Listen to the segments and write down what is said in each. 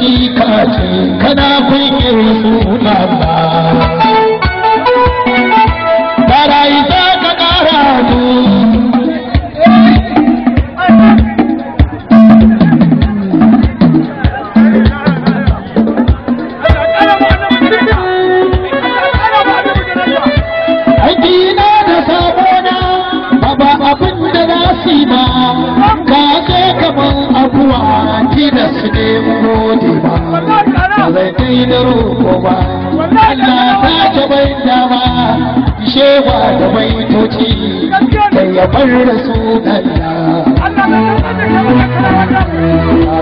shi kace kana kunyar sunan ba baitoci da yabar rasulallah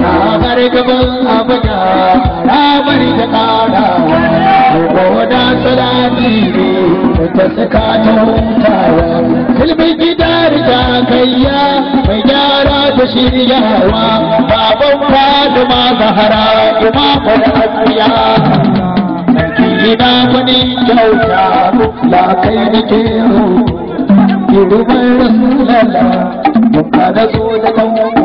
Rabar gaban abada, rabar da ƙara, goda salati ne da ta saka ta hutawa. Filmin gida riga kayya mai gyara ta shiryawa, baban fada ma zahara, da asiya. ina wani kyauta la kai nake roƙo. Girman Rasulallah, muka da zo da kanwa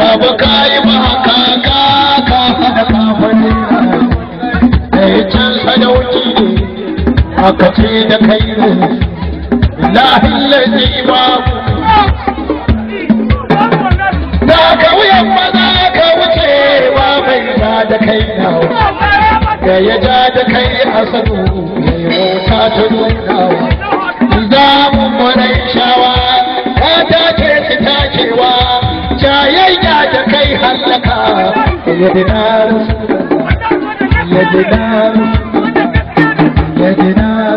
abu ka yi mahaka ka ka faɗa eh, can sadauki aka ce da kai ne lahin lalzi ba da ka wuyan maza ka wucewa mai ja da kai nawa? da ya ja da kai hasanu mai mota ta nuna za mu murai shawa ka dace ta cewa jayayya da kai hallaka yadda yadda yadda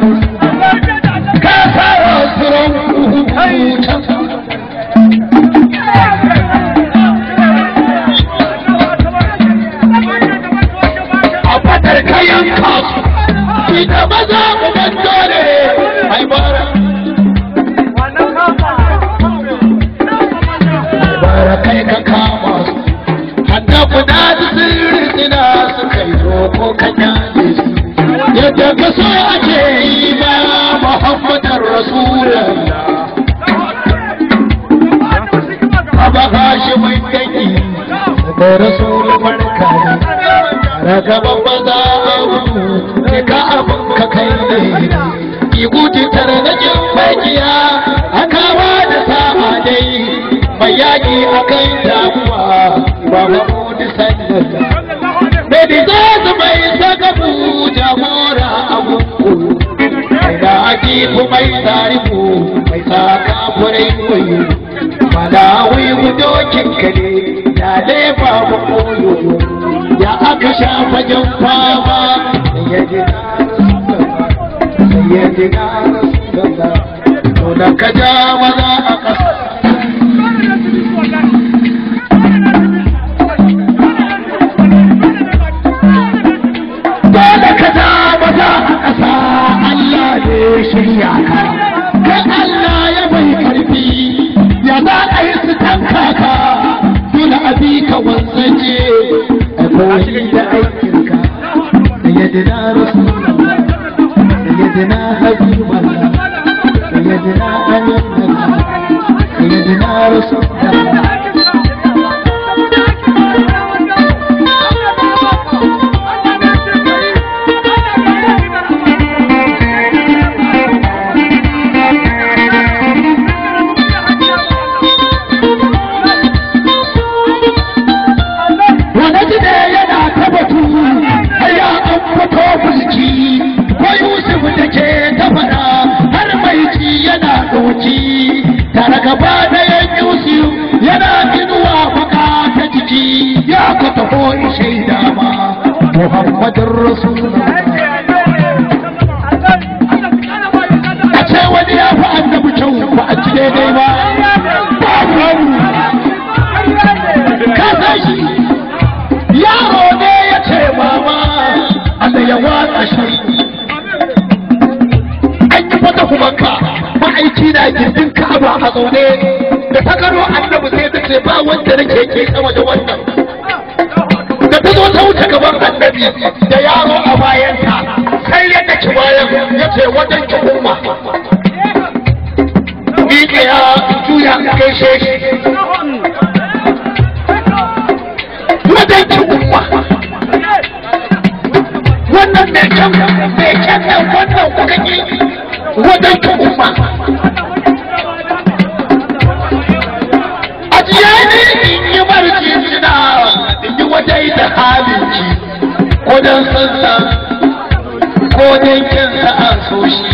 da rasulu barka ne ragaban maza abu ne ka abin ka kai ne ki guji tarnakin makiya a kawa da sama dai mai yaki a kan damuwa ba mahmudu sanyalla mai dizazu mai sagabu jamora a gungu da ajibu mai tarifu mai saka furai koyi malawi hudokin ne. da dai babu koyo ya aka sha fagen fama ya ji ya ji to da ka ja maza a ƙasa dole ka a ƙasa Allah ne Allah ya bai karfi ya za a yi su hawan sanye a koyi da aikinka sayyidina rasulullah sayyidina habiballah sayyidina annabi da rasulullah kyau ba a ji daidai ba ka shi yaro ne ya ce mama Allah ya watsa shi an yi fata ka. ma'aiki na girbin ka'aba a zaune da ta gano annabi sai ta ce ba wanda na ke sama da wannan da ta zo ta wuce gaban annabi da yaro a bayanta sai ya daki bayan ya ce wajen ki miƙe ya juya gaishe shi wadanci umma wannan mai kyan mai kyan nan wannan kuka ki wadanci Ajiye a in yi barci suna in yi wadai da halinki ko dan sansa ko don kin sa'an so shi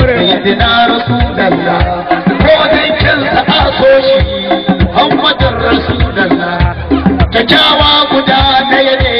sayyidina rasulallah so shi Muhammadin Rasulallah kyakkyawa guda ɗaya ne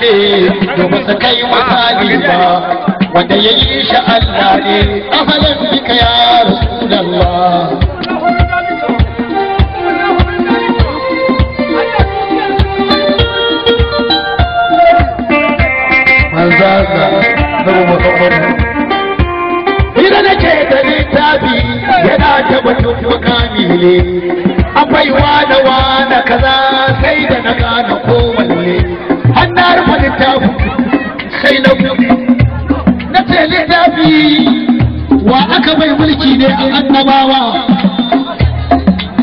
ne to ba su kai misali ba wanda ya yi shi Allah ne ahalan bika ya rasulallah Ina na ce da littafi yana ta batun makami ne Akwai wane wane kaza sai da na gane kowanne na rufe littafi sai na na ce littafi wa aka bai mulki ne a annabawa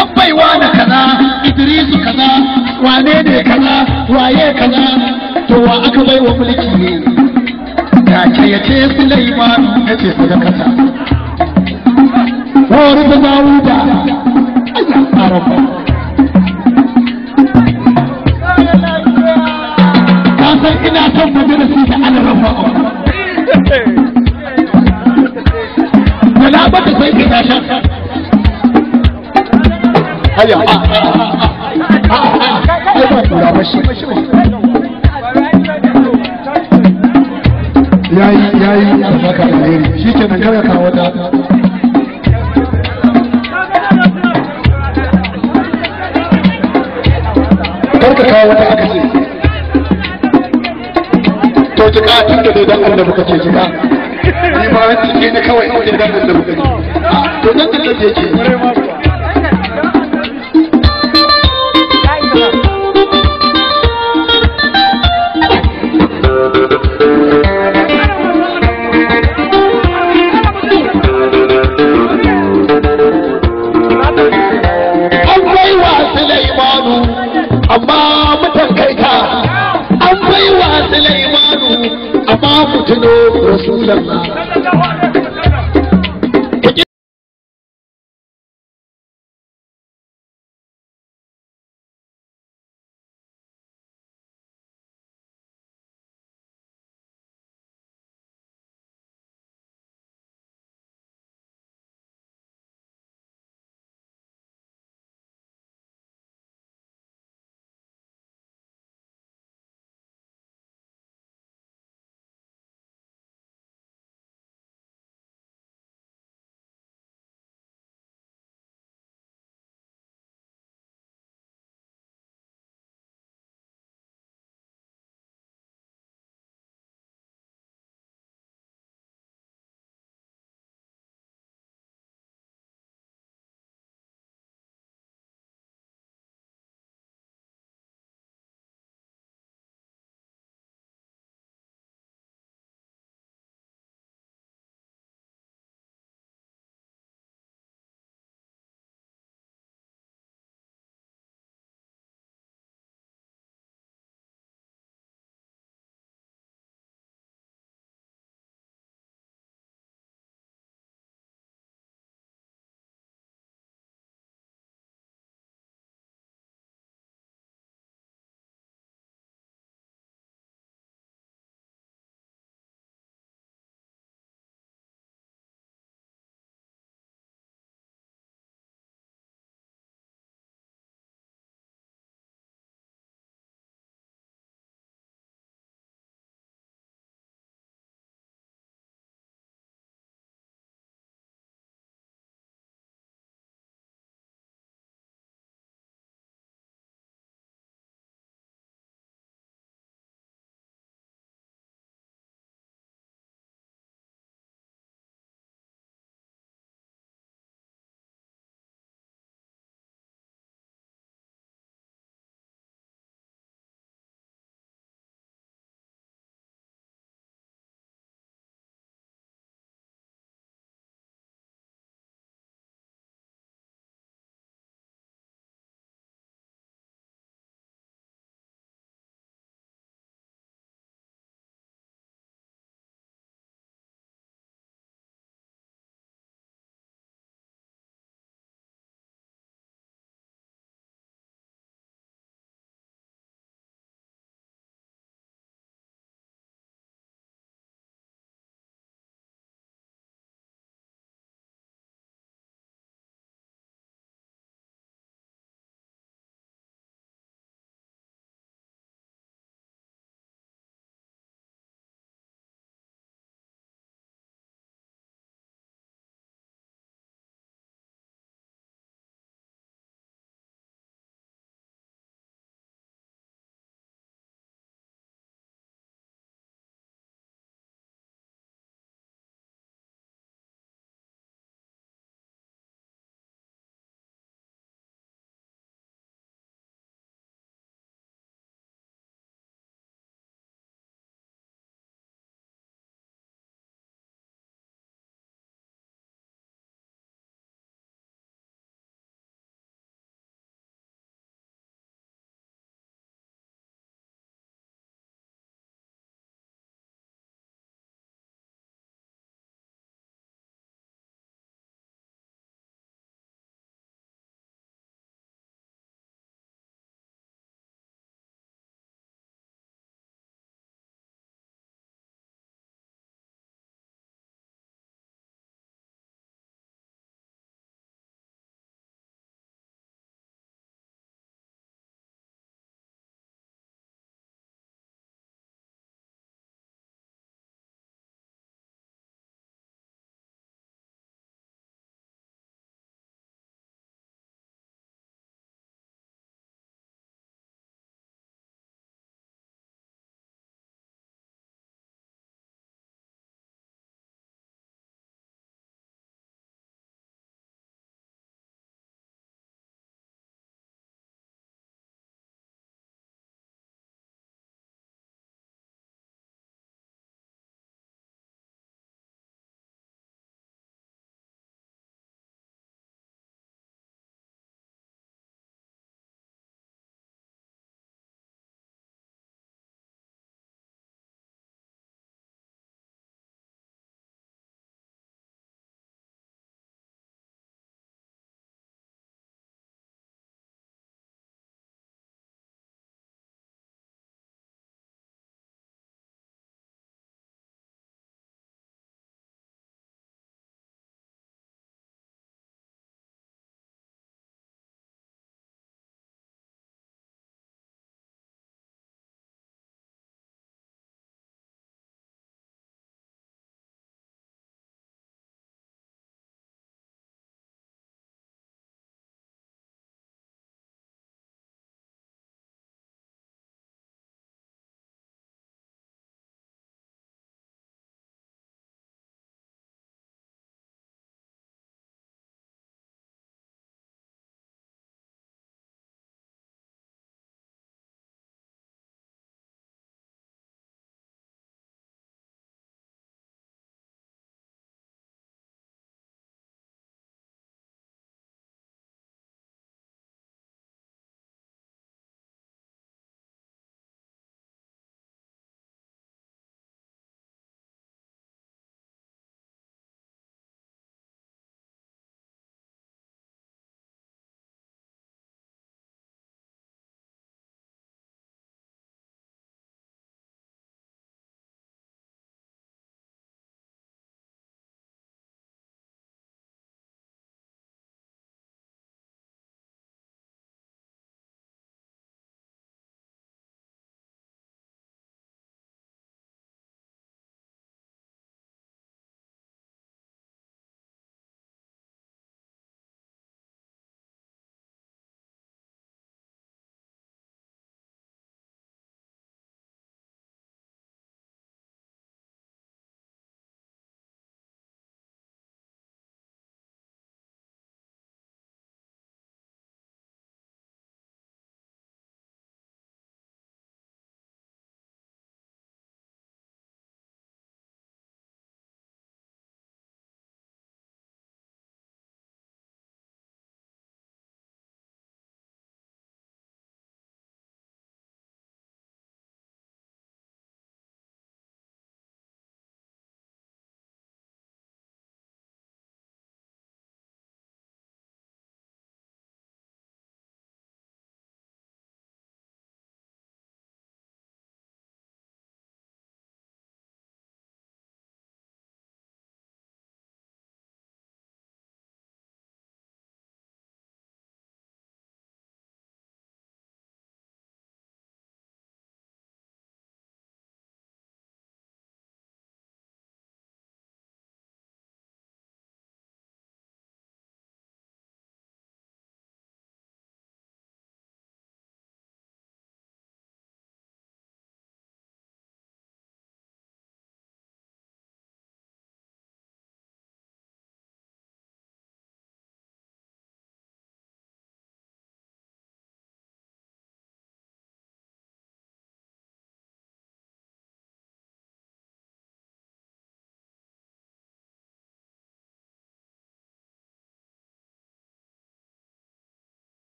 an baiwa da kaza idrisu kaza wane ne kaza waye kaza to wa aka bai wa mulki ne ya ce ya ce sulaiman ya ce da kasa wa rufe zawuda Allah ya san ina son da wala ba ta san ina ah, ah, ah, shi ke nan kawo ta karka kawo wata aka kawo jika da dai dan annabi kake jika ni ba ni kawai dan annabi kake to dan کو جنو رسول الله